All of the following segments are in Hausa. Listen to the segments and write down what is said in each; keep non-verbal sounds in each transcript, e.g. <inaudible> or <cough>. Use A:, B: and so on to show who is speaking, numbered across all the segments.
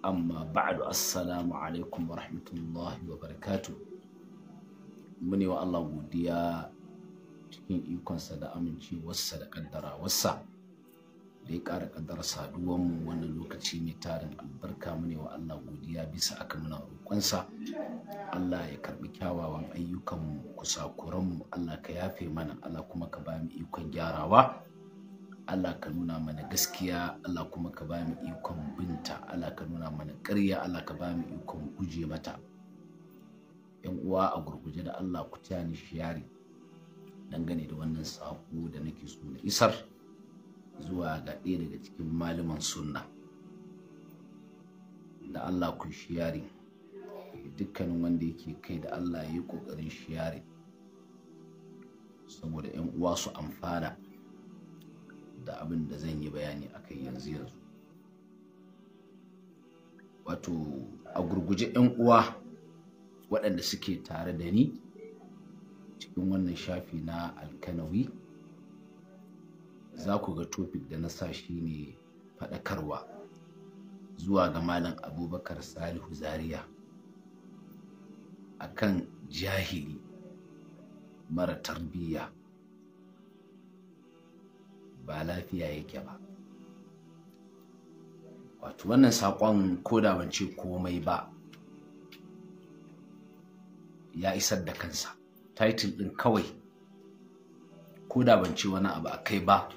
A: amma ba'adu assalamu alaikum wa rahmatullahi wa barakatu Muni wa Allah godiya cikin ikonsa da amincewarsa da wasa da ya ƙara kaddara saduwan mu wannan lokaci mai tarin albarka Muni wa Allah godiya bisa aka muna roƙonsa Allah ya karbi kyawawan ayyukan mu kusakuran mu Allah ka yafe mana Allah kuma ka ba ikon gyarawa Allah ka nuna mana gaskiya Allah kuma ka ba mu ikon binta Allah ka nuna mana ƙarya Allah ka ba mu ikon guje mata yan uwa a gurguje da Allah ku ta ni shiyari dangane da wannan sako da nake so na isar zuwa ga ɗaya daga cikin malaman sunna da Allah ku shiyari dukkanin wanda yake kai da Allah ya yi ƙoƙarin shiyari saboda yan uwa su amfana da abin da zan yi bayani a kai yanzu yanzu wato a gurguje 'yan uwa waɗanda suke tare da ni cikin wannan shafi na alkanawi za ku ga topic da na sa shi ne faɗakarwa zuwa ga malam abubakar salihu zaria kan jahili mara tarbiyya ba lafiya yake ba wato wannan saƙon ko da ban ce komai ba ya isar da kansa title ɗin kawai ko da ban ce wani abu a kai ba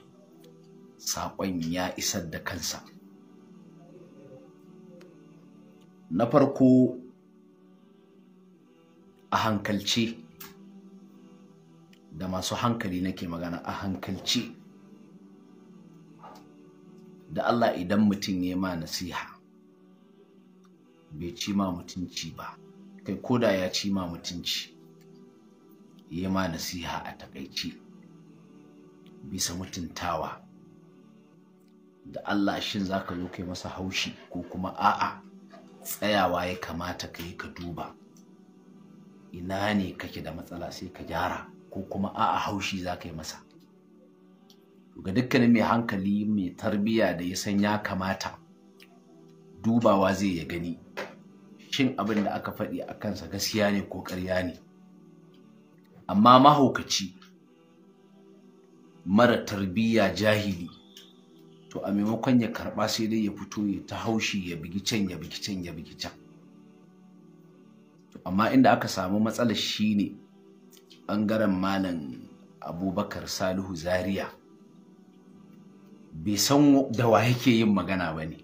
A: saƙon ya isar da kansa na farko a hankalce da masu hankali nake magana a hankalce da Allah idan mutum ya ma nasiha bai ci ma mutunci ba kai koda ya ci ma mutunci ya ma nasiha a takaici bisa mutuntawa da Allah shin za ka zo kai masa haushi ko kuma a'a tsayawa ya kamata ka yi ka duba ina ne kake da matsala sai ka gyara ko kuma a'a haushi za ka yi masa ga dukkanin mai hankali mai tarbiyya da ya san ya kamata dubawa zai ya gani shin abin da aka faɗi a kansa gaskiya ne ko ƙarya ne amma mahaukaci mara tarbiyya jahili to a maimakon ya karɓa sai dai ya fito ya ta haushi ya bigi can ya bigi can ya bigi can amma inda aka samu matsalar shine ɓangaren malam abubakar salihu Zariya. bai san da wa yake yin magana ba ne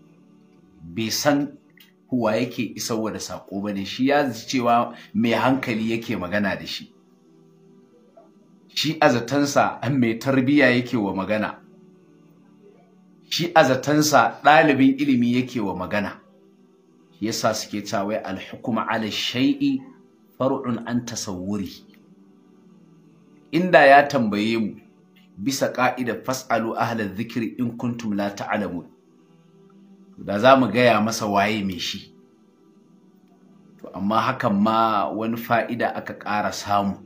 A: bai san wa yake isa da saƙo ba ne shi ya zai cewa mai hankali yake magana da shi shi azatansa mai tarbiya yake wa magana shi azatansa ɗalibin ilimi yake wa magana yasa suke cawai alhukuma ala shai'i far'un an tasawuri inda ya tambaye mu bisa ƙa'ida fas'alu ahlal zikiri in kuntum la ta'lamun da za mu gaya masa waye mai shi to amma hakan ma wani fa'ida aka ƙara samu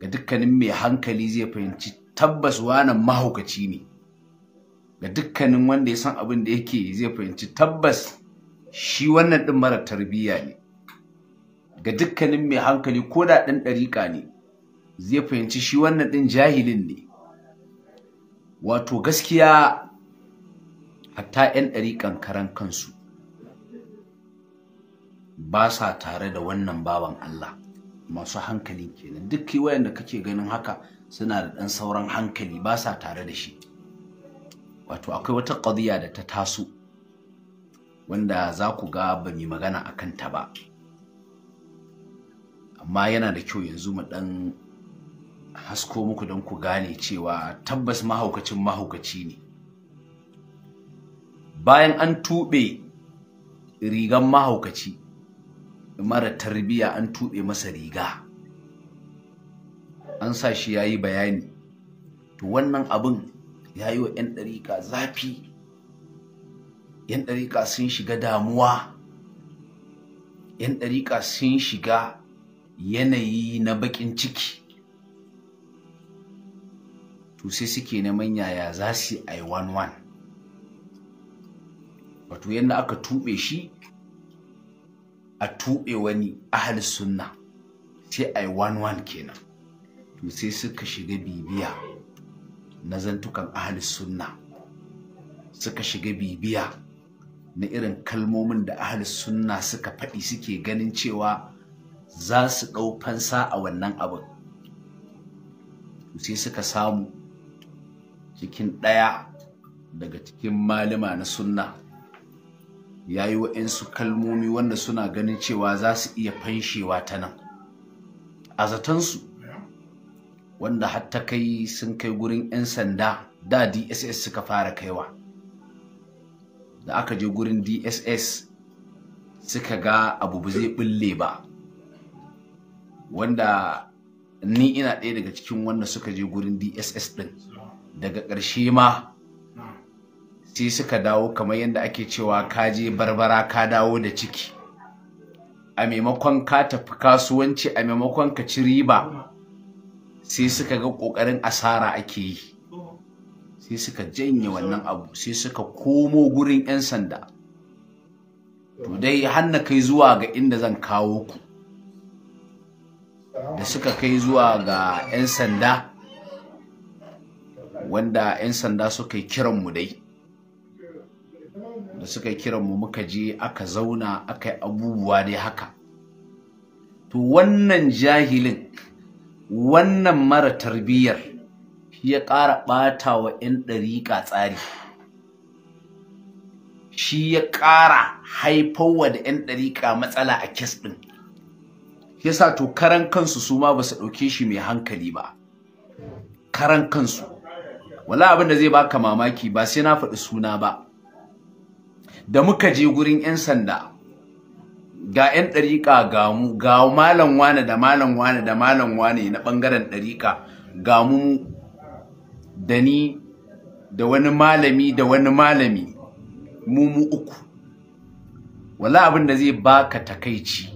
A: ga dukkanin mai hankali zai fahimci tabbas wannan mahaukaci ne ga dukkanin wanda ya san abin da yake zai fahimci tabbas shi wannan ɗin mara tarbiyya ne ga dukkanin mai hankali ko da ɗan ɗariƙa ne zai fahimci shi wannan ɗin jahilin ne wato gaskiya hatta 'yan ɗariƙan karan kansu ba sa tare da wannan bawan Allah masu hankali kenan duk wayanda kake ganin haka suna da ɗan sauran hankali ba sa tare da shi wato akwai wata ƙadiyya da ta taso wanda za ku ga ba magana a kanta ba amma yana da kyau yanzu mu ɗan hasko muku don ku gane cewa tabbas mahaukacin mahaukaci ne bayan an tuɓe rigan mahaukaci mara tarbiya an tuɓe masa riga an sa shi ya yi bayani to wannan abin ya yi wa 'yan ɗarika zafi 'yan ɗarika sun shiga damuwa 'yan ɗariƙa sun shiga yanayi na baƙin ciki to sai suke neman yaya za su yi one one wato yadda aka tuɓe shi a tuɓe wani ahal sunna sai ai one one kenan to sai suka shiga bibiya na zantukan ahal sunna suka shiga bibiya na irin kalmomin da ahal sunna suka faɗi suke ganin cewa za su ɗau fansa a wannan abin sai suka samu cikin ɗaya daga cikin malama na sunna ya yi wa'insu kalmomi wanda suna ganin cewa za su iya fanshewa ta nan a zatansu wanda ta kai sun kai gurin 'yan sanda da dss suka fara kaiwa da aka je gurin dss suka ga abu ba zai bulle ba wanda ni ina ɗaya daga cikin wanda suka je gurin dss ɗin daga ƙarshe ma sai suka dawo kamar yadda ake cewa ka je barbara ka dawo da ciki a maimakon ka tafi kasuwanci a maimakon ka ci riba sai suka ga ƙoƙarin asara ake yi sai suka janye wannan abu sai suka komo gurin 'yan sanda to dai hanna kai zuwa ga inda zan kawo ku da suka kai zuwa ga 'yan sanda wanda 'yan sanda suka yi mu dai da suka yi mu muka je aka zauna aka yi abubuwa dai haka to wannan jahilin wannan mara tarbiyyar ya ƙara ɓata wa 'yan ɗariƙa tsari shi ya ƙara haifowa da 'yan ɗariƙa matsala a kes ɗin yasa to karan kansu su ma ba su ɗauke shi mai hankali ba karan kansu wala abin da zai baka mamaki ba sai na faɗi suna ba da muka je gurin 'yan sanda ga 'yan ɗariƙa ga mu ga malam wane da malam wane da malam wane na ɓangaren ɗariƙa ga mu da ni da wani malami da wani malami mu mu uku wala abin da zai baka takaici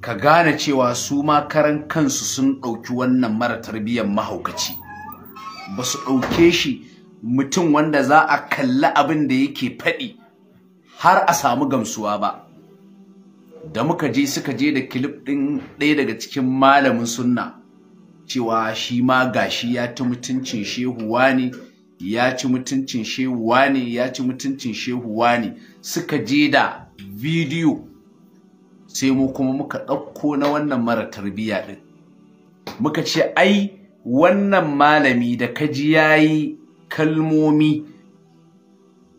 A: ka gane cewa su ma karan kansu sun ɗauki wannan mara tarbiyyar mahaukaci ba su ɗauke shi mutum wanda za a kalli abin da yake faɗi har a samu gamsuwa ba da muka je suka je da kilif ɗin ɗaya daga cikin malamin sunna cewa shi ma gashi ya ci mutuncin shehu ne, ya ci mutuncin shehu ne, ya ci mutuncin shehuwa ne. suka je da bidiyo sai mu kuma muka ɗauko na wannan mara tarbiyya ɗin muka ce ai wannan malami da kaji yi kalmomi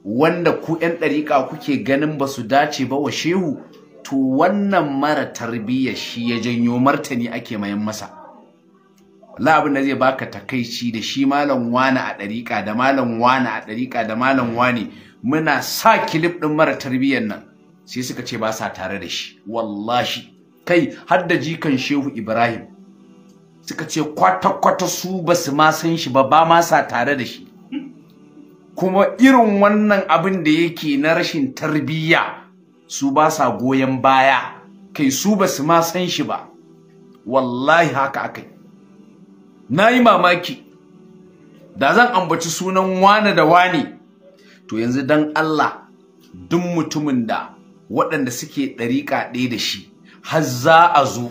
A: wanda ku 'yan ɗariƙa kuke ganin ba su dace ba wa shehu to wannan mara tarbiyyar shi ya janyo martani ake mayan masa abin da zai baka takaici da shi malam wani a ɗariƙa da malam wani a ɗariƙa da malam wani muna sa kilif ɗin mara tarbiyyar nan sai suka ce ba sa tare da shi wallahi kai har da jikan shehu ibrahim suka ce kwata-kwata su ba su ma san shi ba ba ma sa tare da shi kuma irin wannan abin da yake na rashin tarbiyya su ba sa goyon baya kai su ba su ma san shi ba wallahi haka akai na yi mamaki da zan ambaci sunan wane da wane to yanzu dan Allah duk mutumin da waɗanda suke ɗariƙa ɗaya da shi har za a zo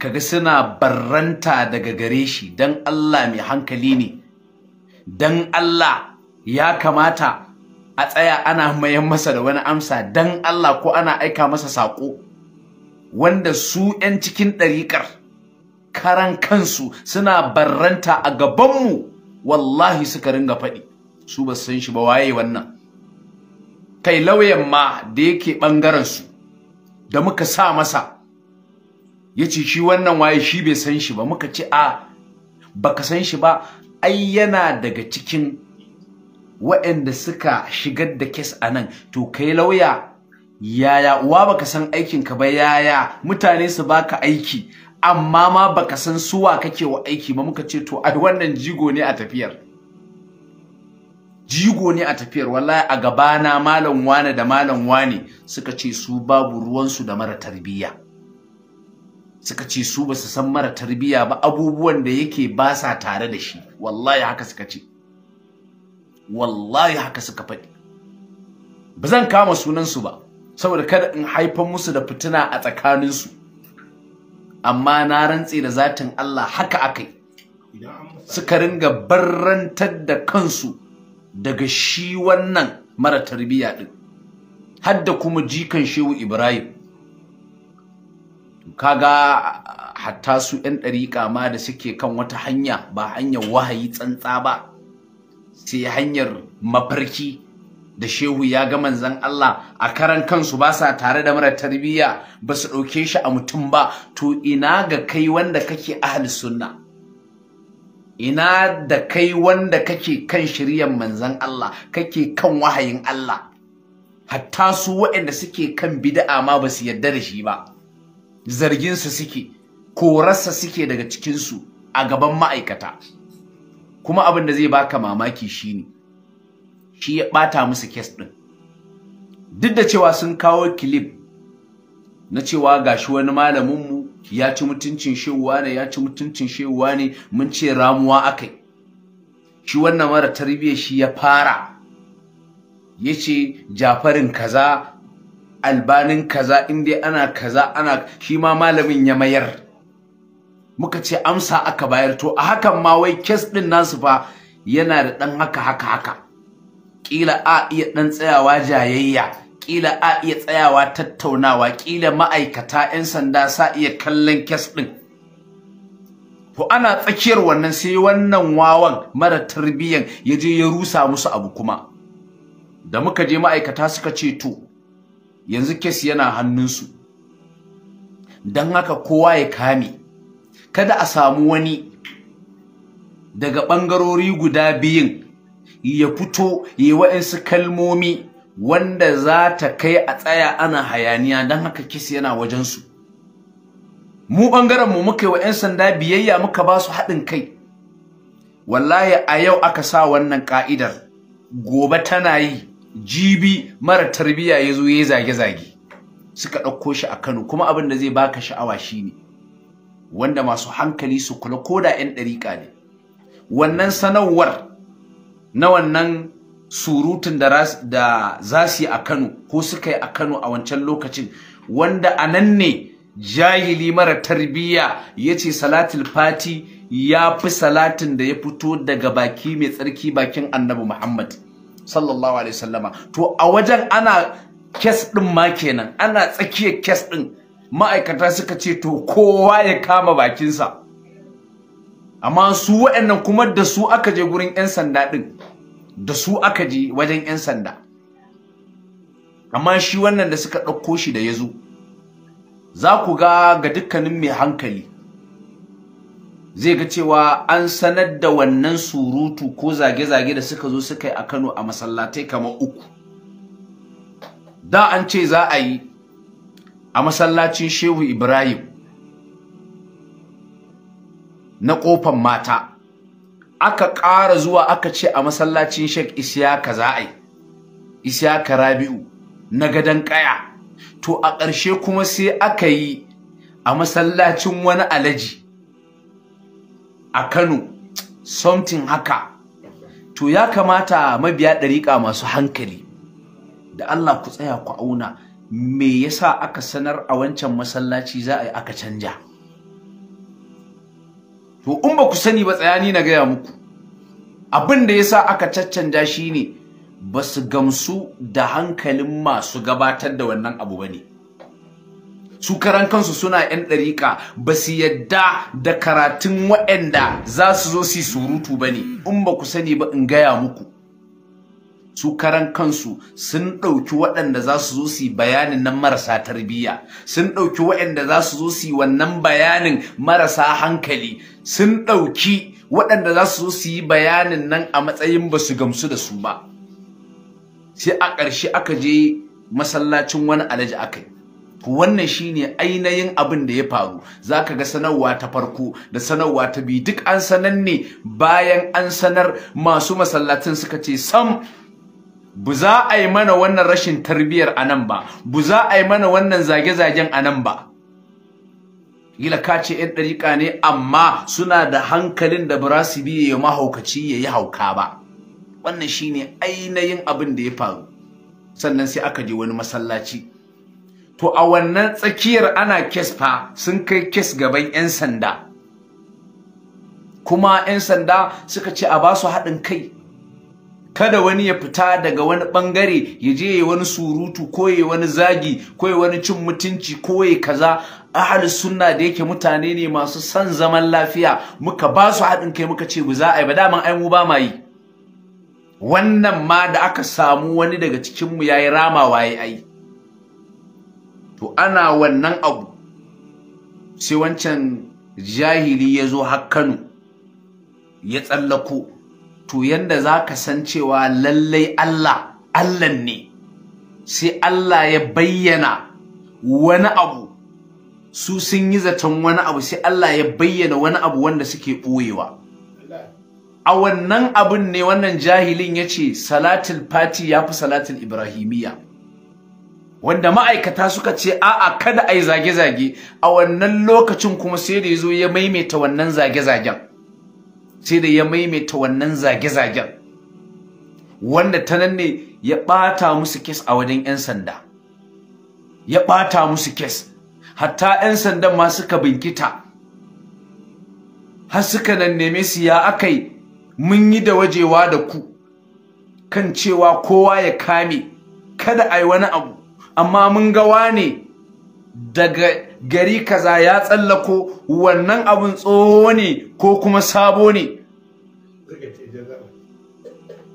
A: kaga suna barranta daga gare shi don Allah mai hankali ne don Allah ya kamata a tsaya ana mayan masa da wani amsa don Allah ko ana aika masa saƙo wanda su 'yan cikin ɗariƙar karan kansu suna barranta a gabanmu wallahi suka ringa faɗi su ba san shi ba waye wannan kai lauyan ma da yake ɓangaren su da muka sa masa yace shi wannan waye shi bai san shi ba muka ce a baka san shi ba ai yana daga cikin waɗanda suka shigar da kes a nan to kai lauya yaya uwa baka san aikin ka ba yaya mutane su baka aiki amma ma baka san suwa kake wa aiki ba muka ce to ai wannan jigo ne a tafiyar jigo ne a tafiyar wallahi a gabana malam wane da malam wane suka ce su babu ruwansu da mara tarbiyya suka ce su ba su san mara tarbiyya ba abubuwan da yake ba sa tare da shi wallahi haka suka ce wallahi haka suka faɗi ba zan kama sunansu ba saboda kada in haifan musu da fitina a tsakaninsu amma na rantse da zatin Allah haka akai suka ringa barrantar da kansu daga shi wannan mara tarbiyya din har da kuma jikan shehu Ibrahim kaga hatta su 'yan ɗariƙa ma da suke kan wata hanya ba hanyar wahayi tsantsa ba sai hanyar mafarki da shehu ya ga manzan Allah a karan kansu ba sa tare da mara tarbiyya ba su ɗauke shi a mutum ba to ina ga kai wanda kake ahli sunna ina da kai wanda kake kan shiryan manzan Allah kake kan wahayin Allah hatta su waɗanda suke kan bida'a ma ba su yarda da shi ba zarginsa suke korarsa suke daga cikinsu a gaban ma'aikata kuma abin da zai baka mamaki shine shi ya ɓata musu kes ɗin duk da cewa sun kawo kilif na cewa gashi wani malaminmu ya ci mutuncin shewa ne ya ci mutuncin shewa ne mun ce ramuwa akai shi wannan mara tarbiyyar shi ya fara yace jafarin kaza albanin kaza in dai ana kaza ana shi ma malamin ya mayar muka ce amsa aka bayar to a hakan ma wai kes din nasu fa yana da dan haka haka haka kila a iya dan tsayawa jayayya kila a iya tsayawa tattaunawa kila ma'aikata 'yan sanda sa iya kallon kes din to ana tsakiyar wannan sai wannan wawan mara tarbiyyan ya je ya rusa musu abu kuma da muka je ma'aikata suka ce to yanzu kes yana hannunsu don haka kowa ya kame kada a samu wani daga ɓangarori guda biyun ya fito yi wa'insu kalmomi wanda za ta kai a tsaya ana hayaniya don haka kes yana wajensu mu ɓangarenmu muka yi wa 'yan sanda biyayya muka ba su haɗin kai wallahi a yau aka sa wannan ka'idar. gobe tana yi jibi mara tarbiyya ya zo ya zage-zage suka ɗauko shi a kano kuma abin da zai baka sha'awa shine wanda masu hankali su kula ko da 'yan ɗariƙa ne wannan sanarwar na wannan surutun da za su yi a kano ko suka yi a kano a wancan lokacin wanda a nan ne jahili mara tarbiyya ya ce salatul fati ya fi salatin da ya fito daga baki mai tsarki bakin annabi muhammad sallallahu alaihi wasallama to a wajen ana kes din ma kenan ana tsakiyar kes din ma'aikata suka ce to kowa ya kama bakinsa amma su waɗannan kuma da su aka je gurin ƴan sanda ɗin da su aka je wajen 'yan sanda amma shi wannan da suka ɗauko shi da ya zo za ku ga ga dukkanin mai hankali zai ga cewa an sanar da wannan surutu ko zage-zage da suka zo suka yi a Kano a masallatai kamar uku da an ce za a yi a masallacin Shehu Ibrahim na ƙofan mata aka ƙara zuwa aka ce a masallacin Sheikh Isiyaka za a yi Isiyaka Rabi'u na gadon ƙaya, to a ƙarshe kuma sai aka yi a masallacin wani alaji a Kano something haka to ya kamata mabiya ɗariƙa masu hankali da Allah ku tsaya ku auna me yasa aka sanar a wancan masallaci za a yi aka canja to in ba ku sani ba tsayani na gaya muku abin da yasa aka caccanja shine ba su gamsu da hankalin masu gabatar da wannan abu bane su karan kansu suna yan ɗariƙa ba su yadda da karatun waɗanda za su zo su surutu ba ne in ba ku sani ba in gaya muku su karan kansu sun ɗauki waɗanda za su zo su bayanin nan marasa tarbiyya sun ɗauki waɗanda za su zo su wannan bayanin marasa hankali sun ɗauki waɗanda za su zo su yi bayanin nan a matsayin ba su gamsu da su ba sai a ƙarshe aka je masallacin wani alaji aka yi wannan shine ainihin abin da ya faru zaka ga sanarwa ta farko da sanarwa ta biyu duk an sanar ne bayan an sanar masu masallacin suka ce sam bu za a yi mana wannan rashin tarbiyyar nan ba bu za a yi mana wannan zage-zagen a nan ba gila ka ce yan ɗariƙa ne amma suna da hankalin da ba su ya mahaukaci ya yi hauka ba wannan shine ainihin abin da ya faru sannan sai aka je wani masallaci to a wannan tsakiyar ana kes fa sun kai kes gaban 'yan sanda kuma 'yan sanda suka ce a ba su haɗin kai kada wani ya fita daga wani ɓangare ya je ya wani surutu ko ya wani zagi ko ya wani cin mutunci ko ya kaza ahal sunna da yake mutane ne masu son zaman lafiya muka ba su haɗin kai muka ce za a yi ba daman ai mu ba ma yi wannan ma da aka samu wani daga cikinmu ya yi rama waye ai to ana wannan abu sai wancan jahili ya zo har Kano ya tsallako to yanda za ka san cewa lallai Allah Allah ne sai Allah ya bayyana wani abu su sun yi zaton wani abu sai Allah ya bayyana wani abu wanda suke ɓoyewa a wannan abin ne wannan jahilin ya ce salatul fati ya fi salatul ibrahimiyya wanda ma'aikata suka ce a'a kada ai zage-zage a wannan lokacin kuma sai da yazo ya maimaita wannan zage-zagen sai da ya maimaita wannan zage-zagen wanda ta nan ne ya bata musu kes a wajen yan sanda ya bata musu kes hatta yan sandan ma suka binkita har suka nan neme su ya akai mun yi da wajewa da ku kan cewa kowa ya kame kada ai wani abu amma mun ga wane daga gari kaza ya tsallako wannan abin tsoho ne ko kuma sabo ne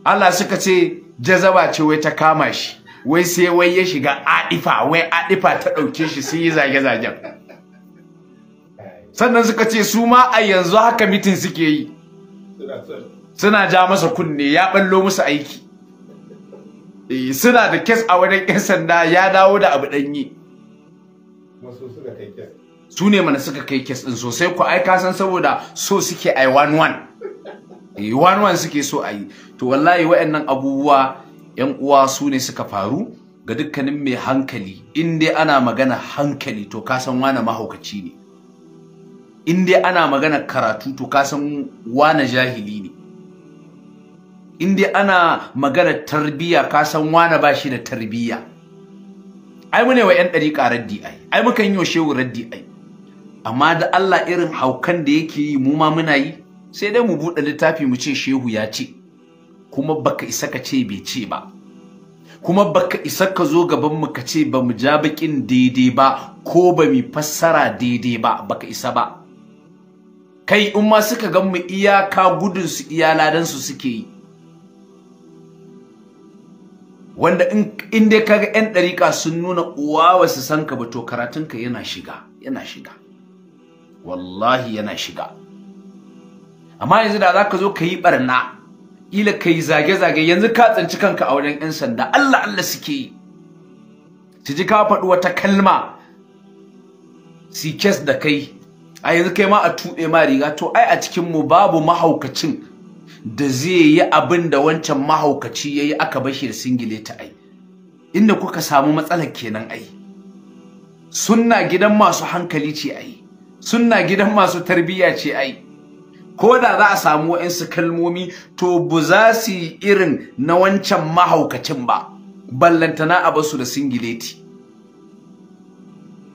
A: Allah suka ce jazaba ce wai ta kama shi wai sai wai ya shiga adifa wai adifa ta ɗauke shi sun yi zage zagen sannan suka ce su ma a yanzu haka mitin suke yi suna ja masa kunne ya ɓallo musu aiki Eh, suna da kes a wajen yan sanda ya dawo da abu danyi su ne mana suka kai kes din sosai ku ai kasan saboda so suke ai one eh, one one one suke so a yi. to wallahi waɗannan abubuwa yan uwa su ne suka faru ga dukkanin mai hankali in dai ana magana hankali to ka san wane mahaukaci ne in dai ana magana karatu to ka san wane jahili ne in ana magana tarbiyya kasan, san wane ba shi da tarbiyya ai mu wa yan dariƙa raddi ai ai mukan yi wa shehu raddi ai amma da Allah irin haukan da yake yi mu ma muna yi sai dai mu buɗe littafi mu ce shehu ya ce kuma baka isa ka ce bai ce ba kuma baka isa ka zo gaban mu ka ce ba mu ja bakin daidai ba ko ba mu fassara daidai ba baka isa ba kai in ma suka gan mu iyaka gudun su iya suke yi wanda in dai kaga yan ɗariƙa sun nuna uwa wasu san ka ba to karatunka yana shiga yana shiga wallahi yana shiga amma yanzu da zaka zo ka yi barna ila ka yi zage-zage yanzu ka tsinci kanka a wajen yan sanda Allah Allah suke yi su ji ka faɗi wata kalma si kes da kai a yanzu kai ma a tuɓe ma riga to ai a cikin mu babu mahaukacin da zai yi abin da wancan mahaukaci ya yi aka bashi da singile ta ai inda kuka samu matsalar kenan ai sunna gidan masu hankali ce ai sunna gidan masu tarbiyya ce ai ko da za a samu wa'insu kalmomi to bu za su yi irin na wancan mahaukacin ba ballantana a basu da singileti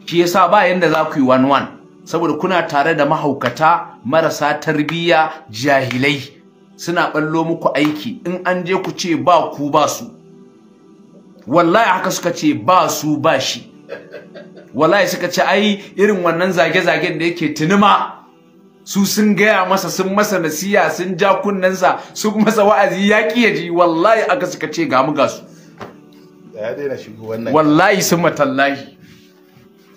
A: shi yasa ba yanda za ku yi one one saboda kuna tare da mahaukata marasa tarbiyya jahilai suna ɓallo muku aiki in an je ku ce ba ku ba su wallahi haka suka ce ba su ba shi wallahi suka ce ai irin wannan zage-zagen da yake tunima su sun gaya masa sun masa nasiya sun ja kunnensa sun masa wa'azi ya ƙi ya ji wallahi aka suka ce ga mu ga su wallahi sun matallahi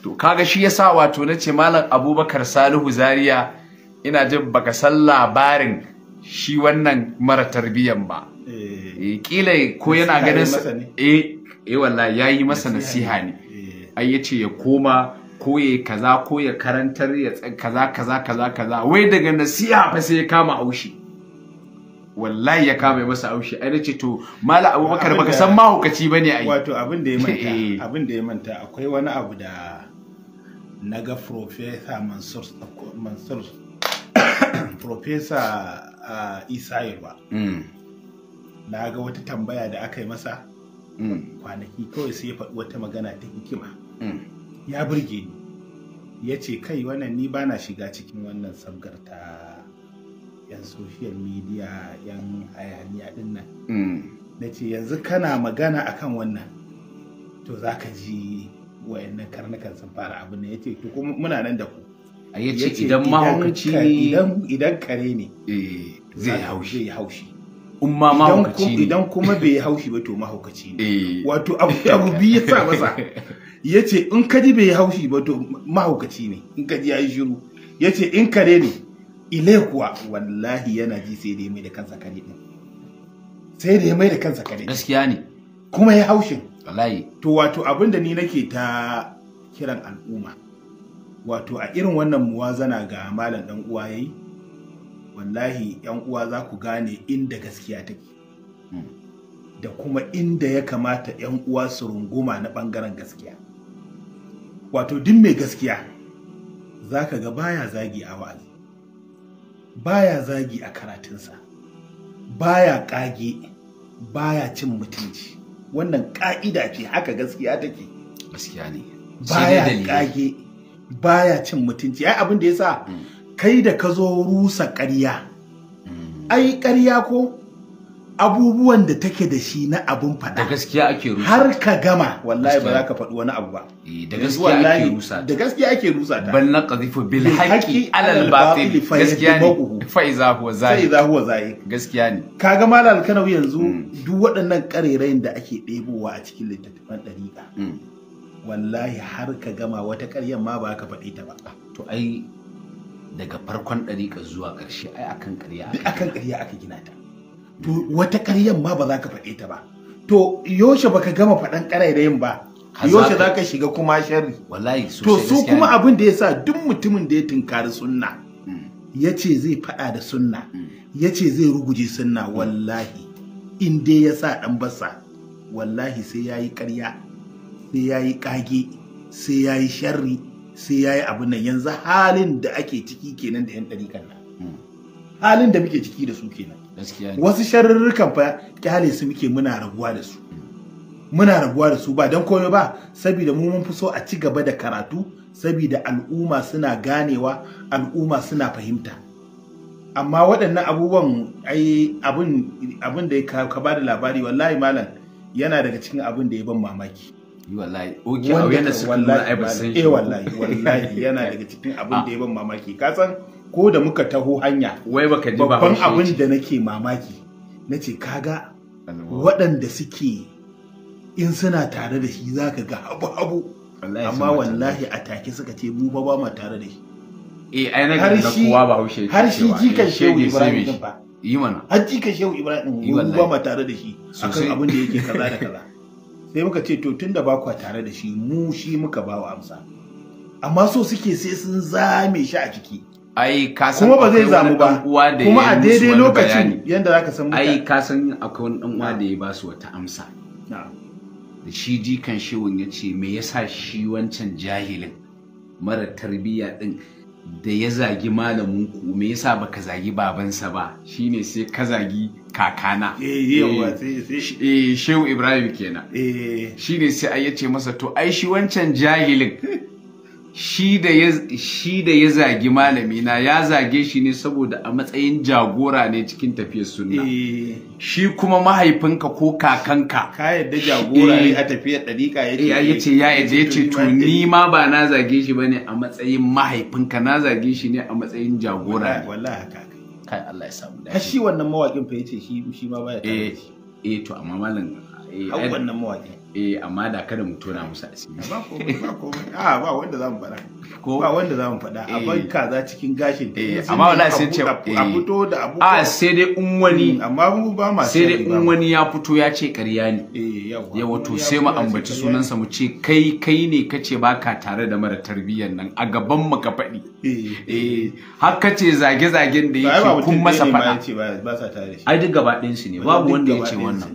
A: to kaga shi yasa wato nace malam Abubakar Salihu Zaria ina jin baka san labarin shi wannan mara tarbiyyan ba eh. Eh, kila ko yana ganin eh eh wallahi yi masa nasiha ne eh. ai ya ce ya koma ko ya kaza ko ya karantar ya kaza kaza kaza kaza wai daga nasiha fa sai ya kama haushi wallahi ya kama masa haushi ai nace to mala abubakar baka san mahaukaci bane ai wato abin
B: da ya manta <laughs> abin da ya manta akwai wani abu da naga professor mansur mansur profesa ah, Isa Yorba. Mm. na ga wata tambaya da aka yi masa mm. kwanaki kawai sai ya faɗi wata magana ta hikima mm. ya burge ni ya ce kai wannan ni ba na shiga cikin wannan sabgar ta yan social media yan hayaniya din nan na ce yanzu kana magana akan wannan to za ka ji wayannan karnukan sun fara abu ne ya ce to kuma muna nan da ku yi ce idan mahaukaci ne idan kare ne eh, zai haushi haushi umma mahaukaci ne idan kuma bai haushi ba to mahaukaci ne eh. wato abu biyu ya sa masa <laughs> ya ce in kaji bai haushi ba to mahaukaci ne in kaji ya yi shiru ya ce in kare ne ile kuwa wallahi yana ji sai da ya mai da kansa kare din sai da ya mai da kansa kare gaskiya ne kuma ya haushin wallahi to wato abin da ni nake ta kiran al'umma wato a irin wannan muwazana ga malam dan uwa yayi wallahi yan uwa za ku gane inda gaskiya take hmm. da kuma inda ya kamata yan uwa su runguma na bangaren gaskiya wato duk mai gaskiya za ka ga baya zagi a wa'azi baya zagi a karatunsa baya kage baya cin mutunci wannan ka'ida ce haka gaskiya take gaskiya ne baya kage baya cin mutunci ai abin da yasa mm. kai da ka zo rusa ƙarya mm. ai ƙarya ko abubuwan da take da shi na abun faɗa
A: da gaskiya ake rusa
B: har ka gama wallahi ba za ka faɗi wani abu ba
A: eh, da gaskiya ake rusa
B: da gaskiya ake rusa ta Ban
A: naqdhifu bil haqqi alal batil gaskiya ne fa iza huwa zahi fa iza huwa zahi gaskiya ne
B: kaga malal kanawi yanzu mm. duk waɗannan karerayin da ake ɗebowa a cikin littattafan ɗariƙa wallahi har ka gama wata ƙaryar ma ba ka faɗi ta ba to ai daga farkon ɗariƙa zuwa ƙarshe ai akan ƙarya akan ƙarya aka gina ta to hmm. wata ƙaryar ma ba za ka faɗi ta ba to yoshe baka gama faɗan ƙarairayin ba yoshe za ka shiga kuma sharri wallahi to su kuma abin da ya sa duk mutumin da ya tunkari sunna hmm. ya ce zai faɗa da sunna hmm. ya ce zai ruguje sunna wallahi in dai ya sa ɗan basa wallahi sai ya yi ƙarya sai ya yi ƙage sai ya yi sharri sai ya yi abin nan yanzu halin da ake ciki kenan da 'yan ɗarikan na. Hmm. halin da muke ciki da su kenan wasu sharurrukan fa kyale su muke muna rabuwa da su hmm. muna rabuwa da su ba don komai ba sabida mu mun so a ci gaba da karatu sabida al'umma suna ganewa al'umma suna fahimta amma waɗannan abubuwan ai abin da ka ba da labari wallahi malam yana daga cikin abin da ya ban mamaki wallahi oke a da suka nuna ai ba san shi eh wallahi wallahi <laughs> yana daga cikin abin da ya ah. ban mamaki ka san ko da muka taho hanya wai baka ji ba babban abin da nake mamaki nace kaga waɗanda suke in suna tare da shi zaka ga habu habu amma wallahi a take suka ce mu ba ba ma tare da shi
A: eh ai na ga kowa ba haushe har shi jikan eh, shehu Ibrahim din fa yi mana
B: har jikan shehu Ibrahim mu ba ma tare
A: da shi akan abin da yake kaza da kaza
B: sai muka ce to tun da ba kwa tare da shi mu shi muka ba wa amsa amma so suke sai sun zame shi a ciki
A: ai ka san kuma ba zai zamu ba kuma a daidai lokacin
B: yanda zaka san mutane ai
A: ka san akwai wani dan uwa da ya ba su wata amsa da shi jikan shi ya ce me yasa shi wancan jahilin mara tarbiyya din da ya zagi malamin ku me yasa baka zagi babansa ba shine sai ka zagi kakana eh, eh, eh, eh shehu ibrahim kenan shine sai ai yace masa to ai shi wancan jahilin <laughs> shi da ya zagi malamina ya zage shi ne saboda a matsayin jagora ne cikin tafiyar sunna eh. shi kuma mahaifinka ko kakanka ka yadda jagora ne a eh. tafiyar dariƙa ya ce eh, ya ce ya yadda ya ce to ni ma ba na zage shi bane a matsayin mahaifinka na zage shi ne a matsayin jagora ne. wallahi haka kai Allah ya samu dace
B: shi wannan mawakin fa
A: yace shi shi ma baya eh eh to amma malam eh wannan mawakin eh amma da kada mu tona musu asiri ba komai ba komai
B: a ah, ba wanda zamu faɗa
A: ko ba wanda zamu faɗa a eh. banka
B: kaza cikin gashin ta eh, amma wallahi sai ce a eh. fito da abu a ah, sai
A: dai in wani mm,
B: amma mu ba ma sai dai in
A: wani ya fito ya ce ƙarya ne yawa to sai mu ambaci sunansa mu ce kai kai ne kace baka tare da mara tarbiyyar nan a gaban mu ka faɗi eh har kace zage zagen da yake kun masa faɗa ai duk gaba ɗin su ne babu wanda ya ce wannan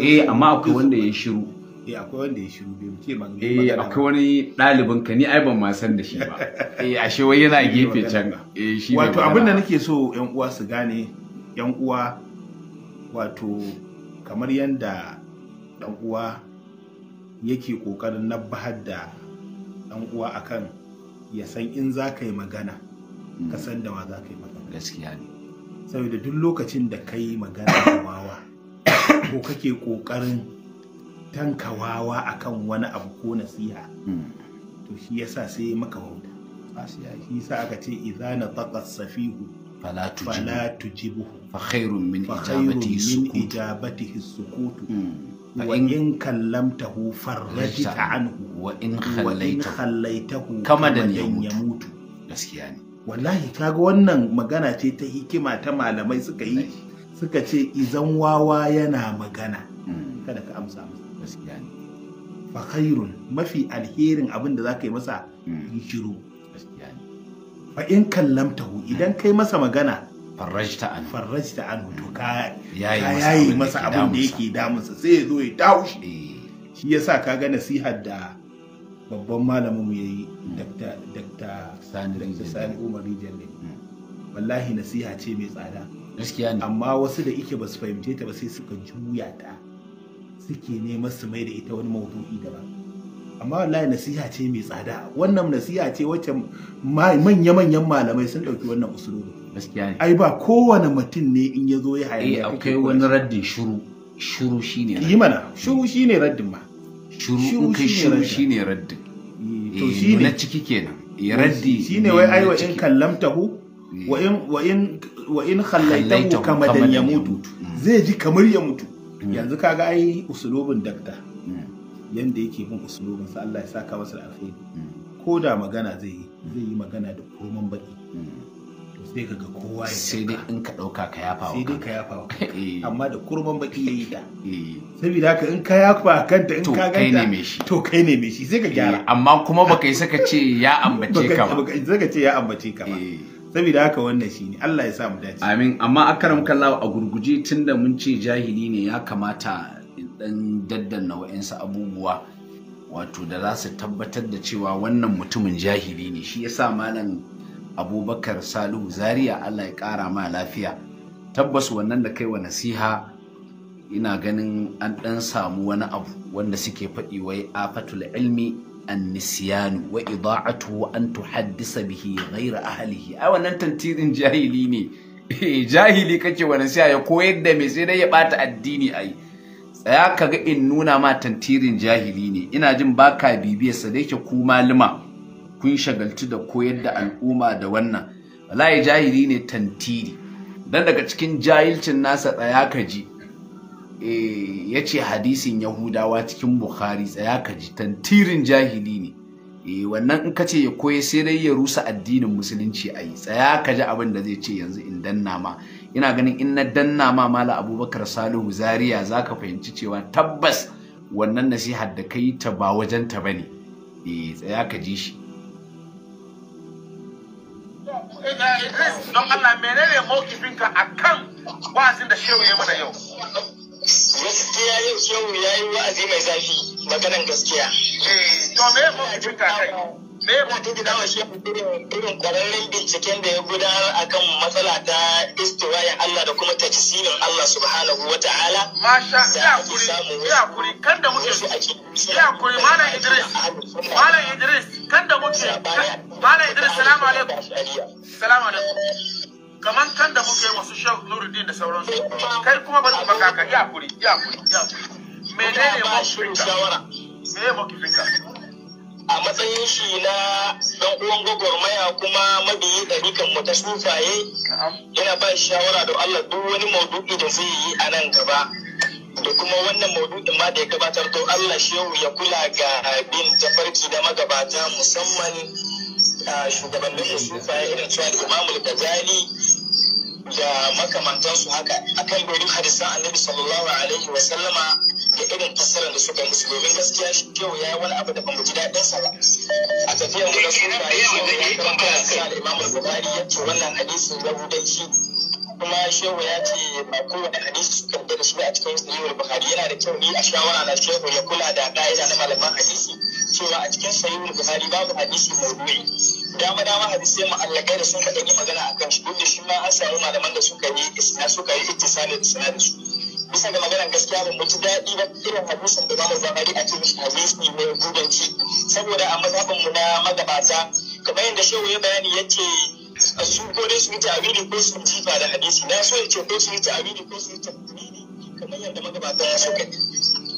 B: eh amma akwai wanda ya shiru eh akwai wanda
A: ya shiru bai ce ban eh akwai wani ɗalibin ka ni ai ban ma san da shi ba <laughs> eh ashe wai yana gefe can eh shi wato abin da
B: nake so yan uwa su gane yan uwa wato kamar yanda dan uwa yake kokarin nabbahar da dan uwa akan ya san in za ka yi magana hmm. ka san da wa za ka yi magana gaskiya ne saboda duk lokacin da ka yi magana da wawa <coughs> ko kake kokarin tanka wawa akan wani abu ko nasiha to shi yasa sai maka wauta shi yasa aka ce idza na taqas safihu fala tujibu fa khairun min ijabatihi sukutu hmm. wa in kallamtahu farrajta anhu wa in khallaitahu kama da ya mutu gaskiya ne wallahi kaga wannan magana ce ta hikima ta malamai suka yi suka ce izan wawa yana magana hmm. kada ka amsa masa gaskiya ne fa khairun mafi alherin abin da zaka yi masa hmm. yi shiru gaskiya ne fa in kallamtahu idan kai masa magana farrajta an farrajta an to ka hmm. yayi masa abin da yake damunsa sai ya zo ya dawo eh. shi shi yasa ka ga nasihar da babban malamin ya yi hmm. dakta sani umar jalle wallahi nasiha ce mai tsada amma wasu da ike ba su fahimce ta ba sai suka juya ta suke neman su mai da ita wani maudu'i daban amma wallahi nasiha ce mai tsada wannan nasiha ce wacce manya-manyan malamai sun ɗauki wannan usulobi ai ba kowane mutum ne in ya zo ya hayaniya eh akwai wani raddin shuru shuru ne yi mana shuru shine raddin ma
A: shuru kai shuru shine raddin eh, to eh, na ciki kenan eh, ya raddi shine wai aiwa in
B: kallamtahu wa in wa in wa in khallaitahu kama dan ya mutu mm. zai ji kamar ya mutu yanzu kaga ai usulubin dakta hmm. yanda yake bin usulubin sa Allah ya saka masa alheri
A: hmm.
B: ko da magana zai yi zai yi magana da
A: kurman baki hmm. sai ka ga kowa ya sai dai in ka dauka ka yafa sai dai ka yafa <laughs> eh.
B: amma da kurman baki yayi da eh. saboda haka in ka yafa kanta in ka ganta
A: to kai ne mai shi sai ka gyara eh, amma kuma baka yi saka ce ya ambace ka ba baka yi saka ce ya ambace ka ba saboda haka wannan shi ne, Allah ya sa mu dace amin amma akaram kallawa a gurguje tunda mun ce jahili ne ya kamata dan daddanna wa'ansu abubuwa wato da za su tabbatar da cewa wannan mutumin jahili ne shi yasa malam abubakar salihu Zariya allah ya kara ma lafiya tabbas wannan da kai wa nasiha ina ganin an dan samu wani abu wanda suke faɗi wai afatul ilmi annisiyanu wa ida'atu wa an tuhaddisa bihi ghayra ahlihi ai wannan tantirin jahili ne eh, jahili kake wani sai ya koyar da me sai dai ya bata addini ai ka ga in nuna ma tantirin jahili ne ina jin baka bibiyarsa da yake ku malama kun shagaltu da koyar da al'umma da wannan wallahi jahili ne tantiri dan daga cikin jahilcin nasa tsaya ka ji Eh, ya ce hadisin yahudawa cikin bukhari tsaya ka ji tantirin jahili ne eh, wannan in ka ce ya koya sai dai ya rusa addinin musulunci a yi tsaya ka ji abin da zai ce yanzu in danna ma ina ganin in na danna ma mala abubakar salihu zaria za ka fahimci cewa tabbas wannan nasihar da ka yi ta ba wajen ta ba ne eh, tsaya ka ji shi
C: don Allah menene mokifinka akan wazin da shehu ya mana yau gaskiya yau yau ya yi wa'azi mai zafi maganan
D: gaskiya eh, to me ya mafi kai me ya mafi gida wa shi irin kwararren binciken da ya gudanar akan matsala ta istiwayen Allah da kuma tajisirin Allah
C: subhanahu wa ta'ala masha ya kuri ya kuri kan da muke ya kuri malam Idris malam Idris kan da muke malam Idris salamu alaikum salamu alaikum kaman kan da muke wasu shehu nuruddin da sauransu kai kuma bari kuma kaka ya kuri ya kuri ya kuri menene shawara me fika a matsayin shi na dan uwan gwagwarmaya kuma
D: mabiyi ɗarikan mu ta sufaye ina ba shi shawara da Allah duk wani maudu'i da zai yi a nan gaba da kuma wannan maudu'in ma da ya gabatar to Allah shehu ya kula ga bin tafarki da magabata musamman shugabannin mu sufaye irin cewa da imamul gazali da makamantansu haka akan dorin hadisan annabi sallallahu alaihi wa sallama da irin fassarar da suka musu domin gaskiya shi yau ya yi wani abu da bamu ji daɗin sa ba a tafiyar mu da su ba ya karanta sa da imamul bukhari ya ce wannan hadisin rabudanci kuma shehu ya ce ba kowane hadisi suka karɓi da shi a cikin sahihul bukhari yana da kyau ni a shawara na shehu ya kula da ka'ida na malaman hadisi cewa a cikin wani buhari babu hadisi mawdu'i dama dama hadisi allaka da sun kaɗa yi magana kan shi duk da shi ma an samu malaman da suka yi isna suka yi ittisali da su bisa ga maganar gaskiya ba mutu daɗi ba irin hadisin da zamu zamari a cikin hadisi mai gudanci saboda a mazaɓin mu na magabata kamar yadda shehu ya bayani ce su ko dai su yi ta'abiri ko su jifa da hadisi na so ya ce ko su yi ta'abiri ko su yi ta'abiri kamar yadda magabata ya so kai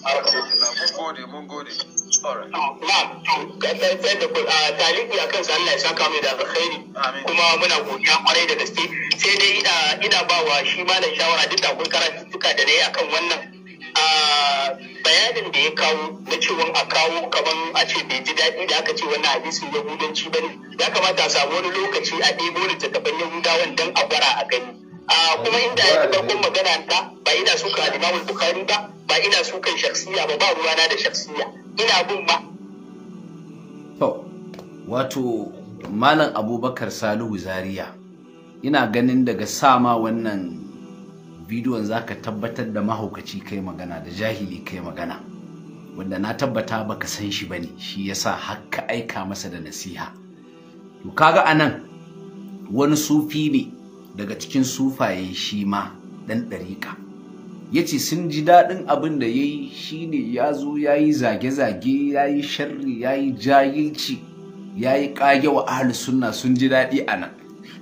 D: mun gode mun gode ah, ah, talibu ya kansa Allah ya saka mai da alkhairi kuma muna godiya kwarai da gaske sai dai ina ba wa shi malam shawara duk da karatuka da nayi akan wannan ah, bayanin da ya kawo na cewa a kawo kaman a ce bai ji daɗi da aka ce wannan hadisin yahudanci ba ne ya kamata a samu wani lokaci a ɗebo littattafan yahudawan don a gwara a gani kuma inda ya farkon magana ta ba ina suka al bukari ba ba ina sukan shaksiya ba ba ruwana da shaksiya ina bin ba
A: to wato malam Abubakar Salihu Zaria ina ganin daga sama wannan bidiyon zaka tabbatar da mahaukaci kai magana da jahili kai magana wanda na tabbata baka san shi bane shi yasa har ka aika masa da nasiha to kaga anan wani sufi ne daga cikin sufaye shi ma ɗan ɗariƙa ya ce sun ji daɗin abin da ya yi shi ne ya zo ya yi zage-zage ya yi sharri ya yi jahilci ya yi ƙage wa ahli sunna sun ji daɗi a nan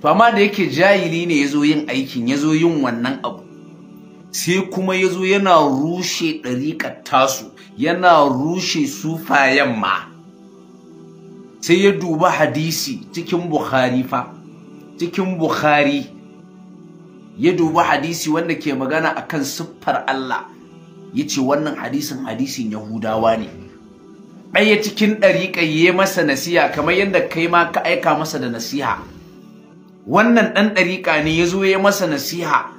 A: to amma da yake jahili ne ya zo yin aikin ya zo yin wannan abu sai kuma ya zo yana rushe ɗariƙar tasu yana rushe sufayen ma sai ya duba hadisi cikin bukhari fa cikin bukhari ya dubi hadisi wanda ke magana a kan siffar Allah ya ce wannan hadisin hadisin Yahudawa ne ɗaya cikin ɗariƙa ya masa nasiha kamar yadda kai ma ka aika masa da nasiha wannan ɗan ɗariƙa ne ya zo ya masa nasiha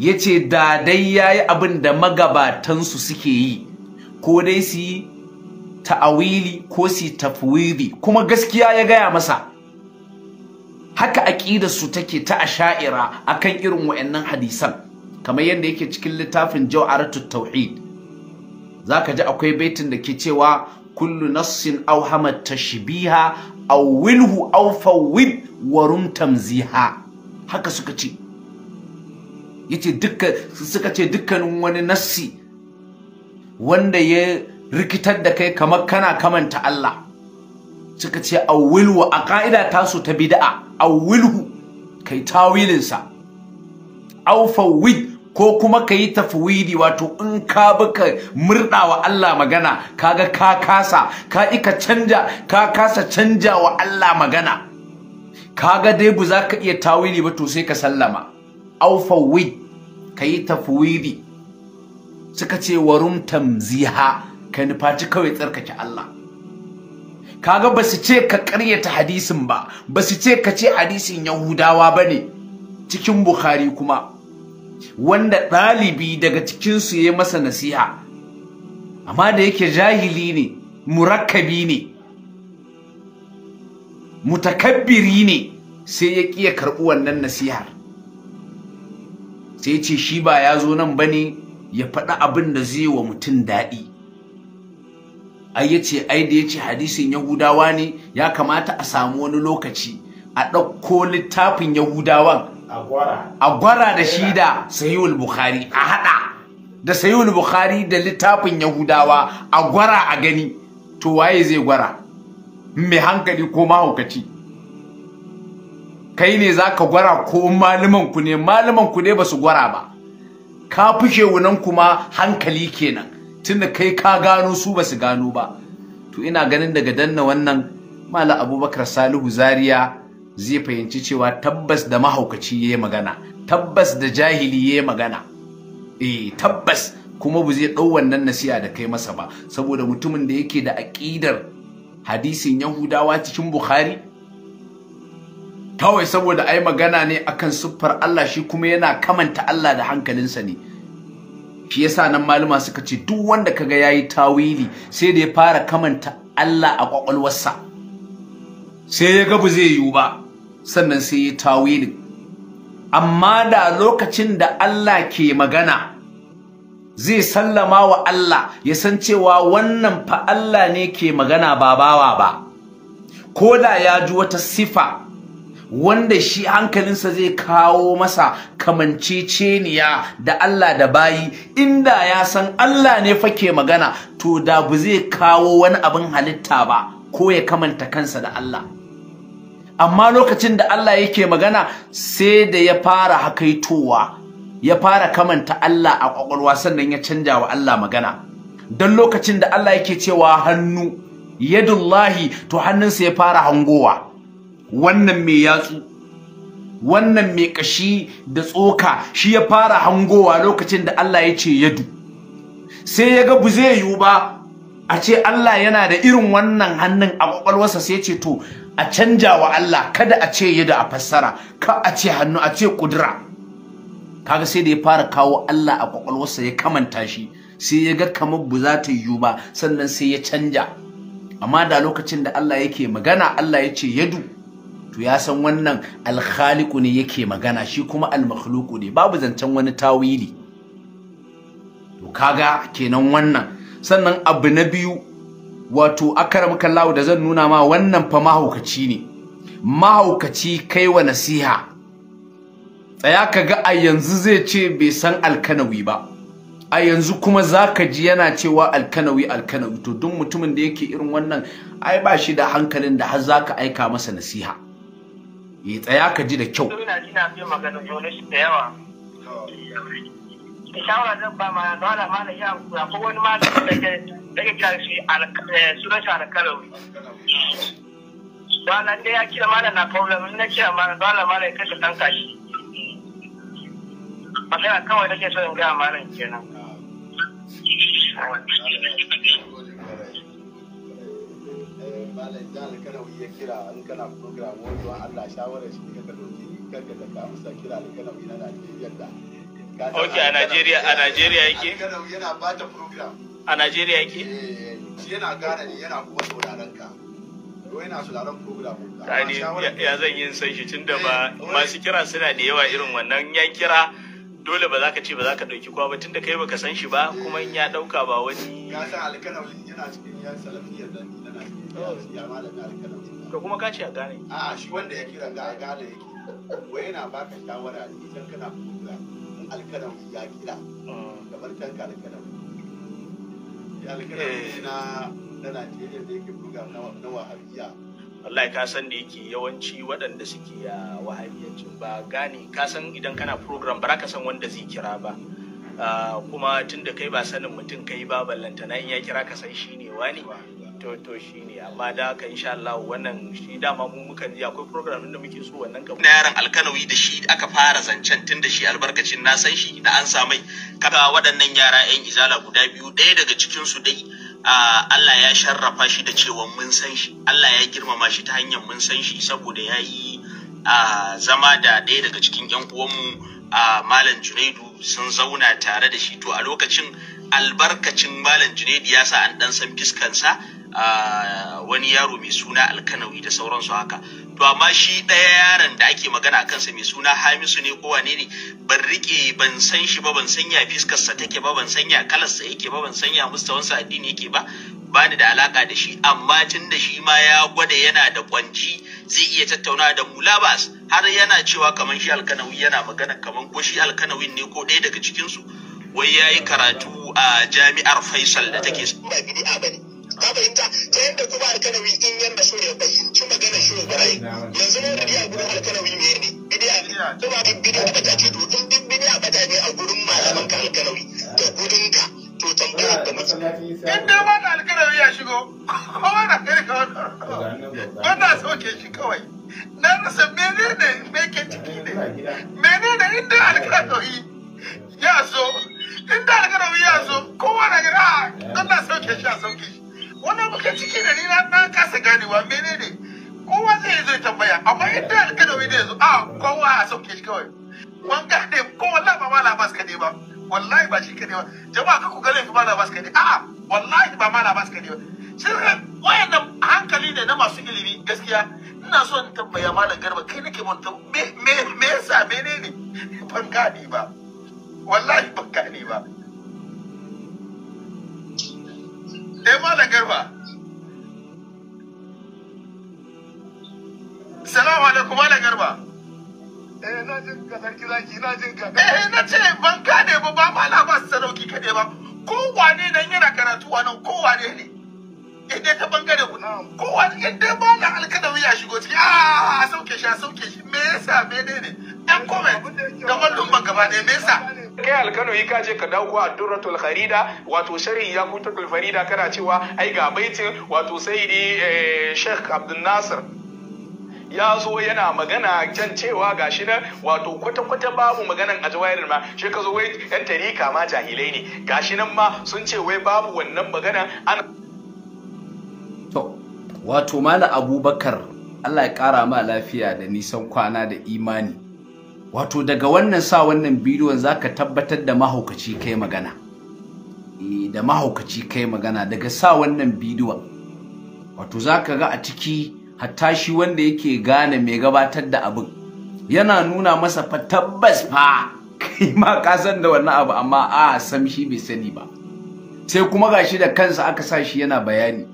A: ya ce da dai ya yi abin da magabatansu suke yi ko dai su yi ta'awili ko su yi tafwili kuma gaskiya ya gaya masa haka aqidar su take ta asha'ira akan irin wayannan hadisan kamar yadda yake cikin littafin Jawaratut tauhid zaka ji akwai baitin da ke cewa kullu nassin aw hamat tashbiha aw wilhu aw fawid warum tamziha haka suka ce yace dukka suka ce dukkanin wani nassi wanda ya rikitar da kai kamar kana kamanta Allah suka ce awwilhu a ka'ida tasu ta bid'a awwilhu kai tawilinsa aw fawwid ko kuma ka yi tafwidi wato in ka baka ka wa Allah magana kaga ka kasa ka ika canja ka kasa canja wa Allah magana kaga dai bu za ka iya tawili ba to sai ka sallama aw fawwid ka yi tafwidi suka ce warum tamziha ka nufaci kawai tsarkake Allah kaga ba su ce ka karyata hadisin ba basu ce ka ce hadisin yahudawa ba ne cikin bukhari kuma wanda ɗalibi daga cikinsu ya masa nasiha amma da yake jahili ne murakkabi ne mutakabbiri ne sai ya ƙi ya karɓi wannan nasihar sai ce shi ba ya zo nan ba ne ya faɗi abin da zai wa mutum daɗi ai yace ai da yace hadisin yahudawa ne ya kamata a samu wani lokaci a ɗauko littafin yahudawan a gwara da shi da sahihul bukhari a hada da sahihul bukhari da littafin yahudawa a gwara a gani to waye zai gwara Me hankali ko mahaukaci kai ne zaka gwara ko malaman ku ne malaman ku ne su gwara ba ka fushe wunan kuma hankali kenan tunda kai ka gano su ba su gano ba to ina ganin daga danna wannan mala abubakar salihu zaria zai fahimci cewa tabbas da mahaukaci ya magana tabbas da jahili ya magana eh tabbas kuma ba zai ɗau wannan nasiha da kai masa ba saboda mutumin da yake da aƙidar hadisin yahudawa cikin bukhari kawai saboda ai magana ne akan siffar allah shi kuma yana kamanta allah da hankalinsa ne shi yasa nan malama suka ce duk wanda kaga yayi tawili sai da ya fara kamanta Allah a kwakwalwarsa sai ya gabu zai yiwu ba sannan sai ya tawili amma da lokacin da Allah ke magana zai sallama wa Allah ya san cewa wannan fa Allah ne ke magana ba bawa ba ko da ya ji wata sifa wanda shi hankalinsa zai kawo masa kamanceceniya da Allah da bayi inda ya san Allah ne fake magana to da bu zai kawo wani abin halitta ba ko ya kamanta kansa da Allah amma lokacin da Allah yake magana sai da ya fara hakaitowa ya fara kamanta Allah a kwakwalwa sannan ya canja wa Allah magana don lokacin da Allah yake cewa hannu yadullahi to hannunsa ya fara hangowa wannan mai yatsu wannan mai kashi da tsoka shi ya fara hangowa lokacin da Allah ya ce yadu sai ya ga bu zai yiwu ba a ce Allah yana da irin wannan hannun a kwakwalwarsa sai ce to a canja wa Allah kada a ce yadu a fassara ka a ce hannu a ce kudura kaga sai da ya fara kawo Allah a kwakwalwarsa ya kamanta shi sai ya ga kamar bu ta yiwu ba sannan sai ya canja amma da lokacin da Allah yake magana Allah ya ce yadu to ya san wannan alkhaliku ne yake magana shi kuma almakhluku ne babu zancen wani tawili to kaga kenan wannan sannan abu na biyu wato akaram kallahu da zan nuna ma wannan fa mahaukaci ne mahaukaci kai wa nasiha tsaya ka ga a yanzu zai ce bai san alkanawi ba a yanzu kuma zaka ji yana cewa alkanawi alkanawi to duk mutumin da yake irin wannan ai ba shi da hankalin da har zaka aika masa nasiha yi eh, tsaya ka ji da kyau
D: ina ji na fiye eh, kawai da ke eh, so in gaya malam kenan
C: malam kira ka ɗauki ok a najeriya a najeriya ba
E: a najeriya yake eh, yana ka ya zan yin shi tunda ba eh, masu kira suna da yawa irin wannan ya kira dole ba za ka ce ba za ka ɗauki ba tunda kai baka san shi ba kuma in ya ɗauka ba wani. Ya san alkanawar
C: yana cikin yan
E: salafiyar da to kuma ka ce a gane a shi
C: wanda ya kira ga gane yake wai yana baka shawara idan kana kura in alkalam ya kira da barkan ka alkalam
E: ya alkalam eh. na
C: na Najeriya da yake buga na wahabiya
E: wallahi ka san da yake yawanci waɗanda suke a wahabiyanci ba gane ka san idan kana program ba ka san wanda zai kira ba ah, kuma tun da kai ba sanin mutum kai ba ballantana in ya kira ka san shi ne wani to shi ne, amma da haka insha Allah wannan shi dama mu muka ji akwai program da muke so wannan gaba na yaron alkanawi da shi aka fara zancen tun da shi albarkacin na san shi da an samai kaga waɗannan yara yan izala guda biyu ɗaya daga cikin su dai Allah ya sharrafa shi da cewa mun san shi Allah ya girmama shi ta hanyar mun san shi saboda ya yi zama da ɗaya daga cikin yan uwanmu a malam Junaidu sun zauna tare da shi to a lokacin albarkacin malam junedi ya sa an dan san fiskansa wani yaro mai suna alkanawi da sauransu haka to amma shi ɗaya yaron da ake magana a kansa mai suna hamisu ne ko wane ne ban rike ban san shi ba ban san ya fiskarsa take ba ban san ya kalarsa yake ba ban san ya mustawansa addini yake ba ba ni da alaka da shi amma tun da shi ma ya gwada yana da kwanci zai iya tattauna da mu labas har yana cewa kamar shi alkanawi yana magana kamar ko shi alkanawin ne ko ɗaya daga cikinsu wai ya yi karatu a jami'ar faisal da take ba
C: bid'a bane ka fahimta ta yadda kuma alkanawi in yan da ya fahimci magana shi ya barayi yanzu ne da biya gurin alkanawi me ne bidiya ne kuma duk bidiya ba ta ce to in duk bidiya ba ta ne a gurin malaman ka alkanawi to gurin ka to tambaya da mace in dai ba alkanawi ya shigo kowa na kai ka ba na soke shi kawai na rasa menene me ke ciki ne menene in dai alkanawi ya zo in da alƙarawi ya zo kowa na gida ah, don na sauke shi a sauke shi wannan muke ciki da ni na kasa mene menene kowa zai zo tambaya amma in da alƙarawi da ya zo a ah, kowa a sauke shi kawai wani ne kowa la ba ma labas ka ne ba wallahi ba shi ka ne ba jama'a ka ku ga laifi ma labas ka ne a wallahi ba ma labas ka ne ba sirrin wayannan hankali ne na masu ilimi gaskiya ina so in tambaya malam garba kai nake mun me me me yasa menene ban gane ba wallahi ban gane ba eh malam garba salamu alaikum malam garba eh na jin ka sarki zaki na jin ka eh na ce ban gane ba ba ma labar sarauki kaɗai ba kowane nan yana karatu a nan kowane ne idan ta bangare ku kowane idan ba na alkadawi ya shigo ciki a ah, sauke shi a sauke shi me yasa me ne ne yan kome eh, ga wallon ban gaba ɗaya me yasa kai alkano yi kaje ka dauko addurratul kharida wato sharhi ya kutatul farida kana cewa ai ga baitin wato sayyidi eh, Sheikh Abdul Nasir ya zo yana magana can cewa gashi nan wato kwata-kwata babu maganan a jawairin ma shi ka zo wai yan tarika ma jahilai ne gashi nan ma sun ce wai babu wannan maganan an
A: to wato mala abubakar Allah ya kara ma lafiya da nisan kwana da imani wato daga wannan sa wannan bidiyon za ka tabbatar da mahaukaci kai magana eh, da mahaukaci kai magana daga sa wannan bidiyon wato za ka ga a ciki hatta shi wanda yake gane mai gabatar da abin yana nuna masa fa tabbas fa kai ma ka san da wannan abu amma a sam shi bai sani ba sai kuma gashi da kansa aka sa shi yana bayani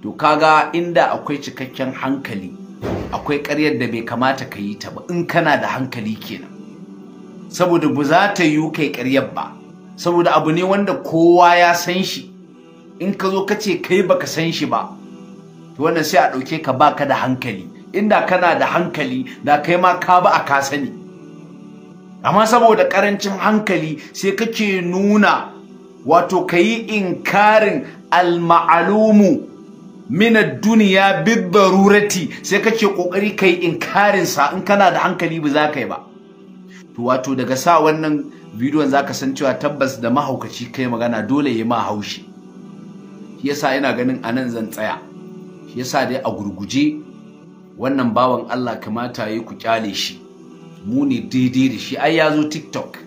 A: to kaga inda akwai cikakken hankali akwai ƙaryar da bai kamata ka yi ta ba in kana da hankali kenan saboda ba za ta yiwu kai ƙaryar ba saboda abu ne wanda kowa ya san shi in ka zo ka ce kai baka san shi ba to wannan sai a ɗauke ka ba ka da hankali inda kana da hankali da kai ma ka ba a ka sani amma saboda ƙarancin hankali sai kake nuna wato ka yi inkarin maalumu mina duniya bid rurati sai ka ce kokari kai inkarin sa in kana da hankali ba za ka yi ba to wato daga sa wannan bidiyon za ka san cewa tabbas da mahaukaci kai magana dole ya ma haushi yasa ina ganin anan zan tsaya yasa dai a gurguje wannan bawan Allah kamata yayi ku kyale shi mu ne daidai da shi ai ya zo TikTok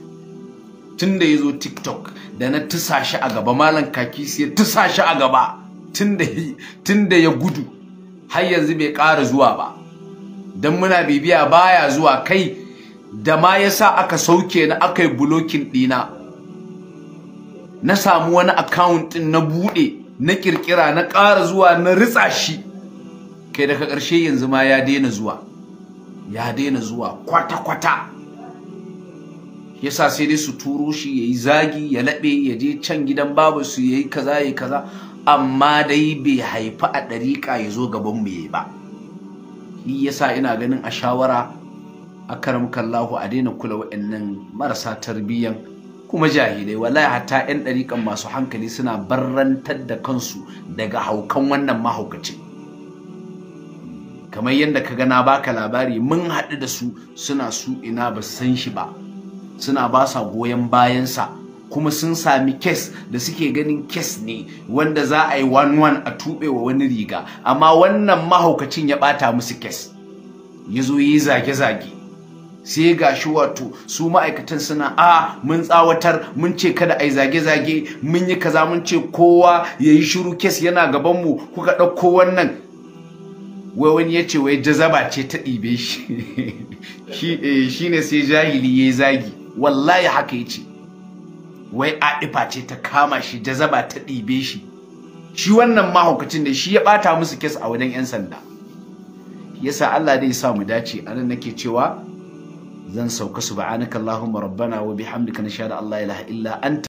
A: tunda ya zo TikTok da na tusa shi a gaba malam kaki sai tusa shi a gaba Tun da ya gudu har yanzu bai ƙara zuwa ba don muna bibiya baya zuwa kai da ma ya sa aka sauke na aka yi bulokin ɗina na samu wani akawuntin ɗin na buɗe na ƙirƙira na ƙara zuwa na ritsa shi kai daga ƙarshe yanzu ma ya daina zuwa ya daina zuwa kwata-kwata yasa sai dai su turo shi ya yi zagi ya laɓe ya je can gidan babu su ya yi kaza ya yi kaza amma dai bai haifi a ɗariƙa ya zo gaban mu yi ba ni yasa ina ganin a shawara a karam kallahu a daina kula wa'annan marasa tarbiyyan kuma jahilai wallahi hata 'yan ɗariƙan masu hankali suna barrantar da kansu daga haukan wannan mahaukacin kamar yadda ka gana baka labari mun haɗu da su suna su ina ba san shi ba suna ba sa goyon bayansa kuma sun sami kes da suke ganin kes ne wanda za a yi one a tube wa wani riga amma wannan mahaukacin ya ɓata musu kes ya zo yi zage-zage sai ga shi wato su ma'aikatan suna a mun tsawatar mun ce kada a yi zage-zage mun yi kaza mun ce kowa ya yi shiru kes yana gabanmu kuka ɗauko wannan wai wani ya ce wai jazaba ce ta ɗibe shi <laughs> eh, shi ne sai jahili ya yi zagi wallahi haka ya ce wai Aifa ce ta kama shi da zaba ta ɗibe shi shi wannan mahaukacin da shi ya ɓata musu kes a wajen 'yan sanda yasa Allah dai sa mu dace anan nake cewa zan sauka subhanakallahumma rabbana wa bihamdika nashhadu an la ilaha illa anta